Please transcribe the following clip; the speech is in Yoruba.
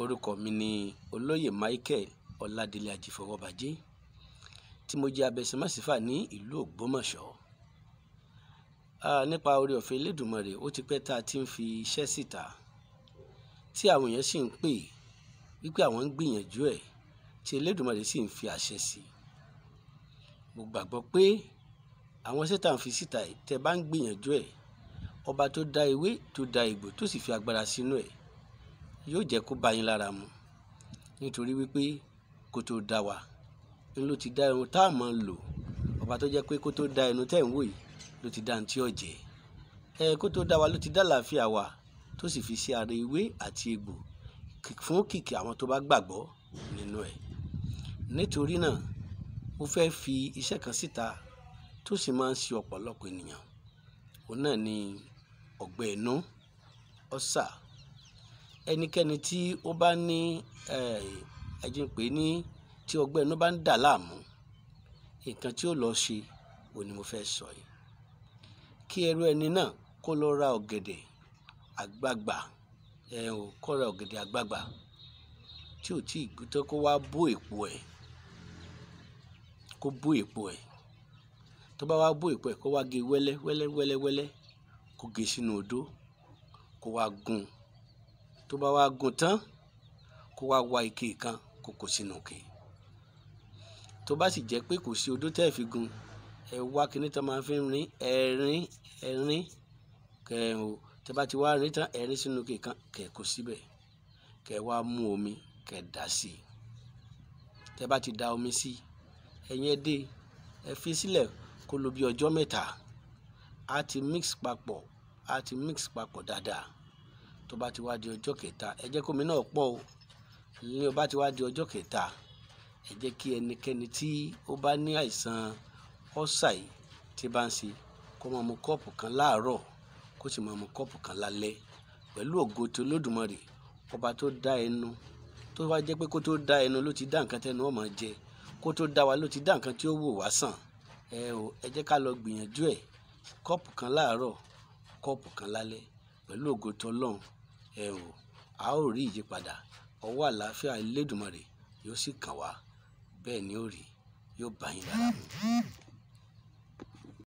Orúkọ mi ni Olóyè Michael Ọládélé Ajífọwọ́bajé tí mo jẹ́ abẹsẹ̀másífà ní ìlú Ògbómọ̀ṣọ́. Nípa oore ọ̀fẹ́ Elédùmarè ó ti pẹ́ tá a ti ń fi iṣẹ́ síta tí àwọn èèyàn sì ń pè wípé àwọn ń gbìyànjú ẹ̀ tí Elédùmarè sì ń fi àṣẹ sí i. Mo gbàgbọ́ pé àwọn iṣẹ́ ń fi síta yìí bá ń gbìyànjú ẹ̀, ọba tó dá ewé tó dá egbò tó sì fi agbára sínú ẹ̀ yóò jẹ́ kó bá yín lára mu nítorí wípé kó tó dá wa ń ló ti dá irun tá a máa lò ọba tó jẹ́ pé kó tó dá irun tẹ̀ ń wò yìí ló ti dá ní tí ọ̀jẹ̀ ẹ kó tó dá wa ló ti dá làáfíà wa tó sì fi sí ara ewé àti egbò fún kìkì àwọn tó bá gbàgbọ́ nínú ẹ̀ nítorí náà mo fẹ́ fi iṣẹ́ kan síta tó sì máa ń ṣe ọ̀pọ̀lọpọ̀ ènìyàn òun náà ni ọ̀gbẹ́ inú ọ̀sà ẹnikẹ́ni tí ó bá ní ẹ̀jẹ̀ pé ní tí ọgbẹ́ inú bá ń dà láàmú nǹkan tí ó lọ ṣe òun ni mo fẹ́ sọ yìí kí ẹrú ẹni náà kó lọ ra ọ̀gẹ̀dẹ̀ àgbagbà ẹ ò kó ra ọ̀gẹ̀dẹ̀ àgbagbà tí ò tí ì gbútọ́ kó wá bó èpo ẹ̀ kó bó èpo ẹ̀ tó bá wá bó èpo ẹ̀ kó wá gé wẹ́lẹ́ wẹ́lẹ́ wẹ́lẹ́ wẹ́lẹ́ kó gé sínú odó kó wá gún tó bá wá gùn tán kó wá wa ike kan kó kó sínú ike tó bá sì jẹ́ pé kò sí odó tẹ́ ẹ̀ fi gun ẹ wá kíní tán máa fi rin ẹ̀rín ẹ̀rín kẹrin o tẹ́ bá ti wá rin tán ẹ̀rín sínú ike kan kẹ́ kó síbẹ̀ kẹ́ wá mú omi kẹ́ dà sí i tẹ́ bá ti da omi sí i ẹ̀yin ẹ ẹ fi sílẹ̀ kó lò bí ọjọ́ mẹ́ta a ti mix papọ̀ a ti mix papọ̀ dáadáa tó bá ti wá di ọjọ́ kẹta ẹ jẹ́ kómi náà pọ̀ o ní ó bá ti wá di ọjọ́ kẹta ẹ jẹ́ kí ẹnikẹ́ni tí ó bá ní àìsàn ọ́sà yìí tí bá ń ṣe kó máa mu kọ́ọ̀pù kan láàárọ̀ kó sì máa mu kọ́ọ̀pù kan lálẹ́ pẹ̀lú ògo tí olódùmarè ọba tó dá ẹnu tó bá jẹ́ pé kó tó dá ẹnu ló ti dá nǹkan tẹnu ọmọ jẹ kó tó dá wa ló ti dá nǹkan tí ó wò wá sàn ẹ o ẹ jẹ́ ká lọ gbìyànjú ẹ̀ kọ́ọ̀pù kan láàárọ̀ kọ́ọ̀pù kan lálẹ́ pẹ̀lú ògo tọlọ́run ẹ o a ó rí ìyípadà ọwọ́ àlàáfíà Elédùmarè yóò sì kàn wá bẹ́ẹ̀ ni ó rí yóò bá yín lára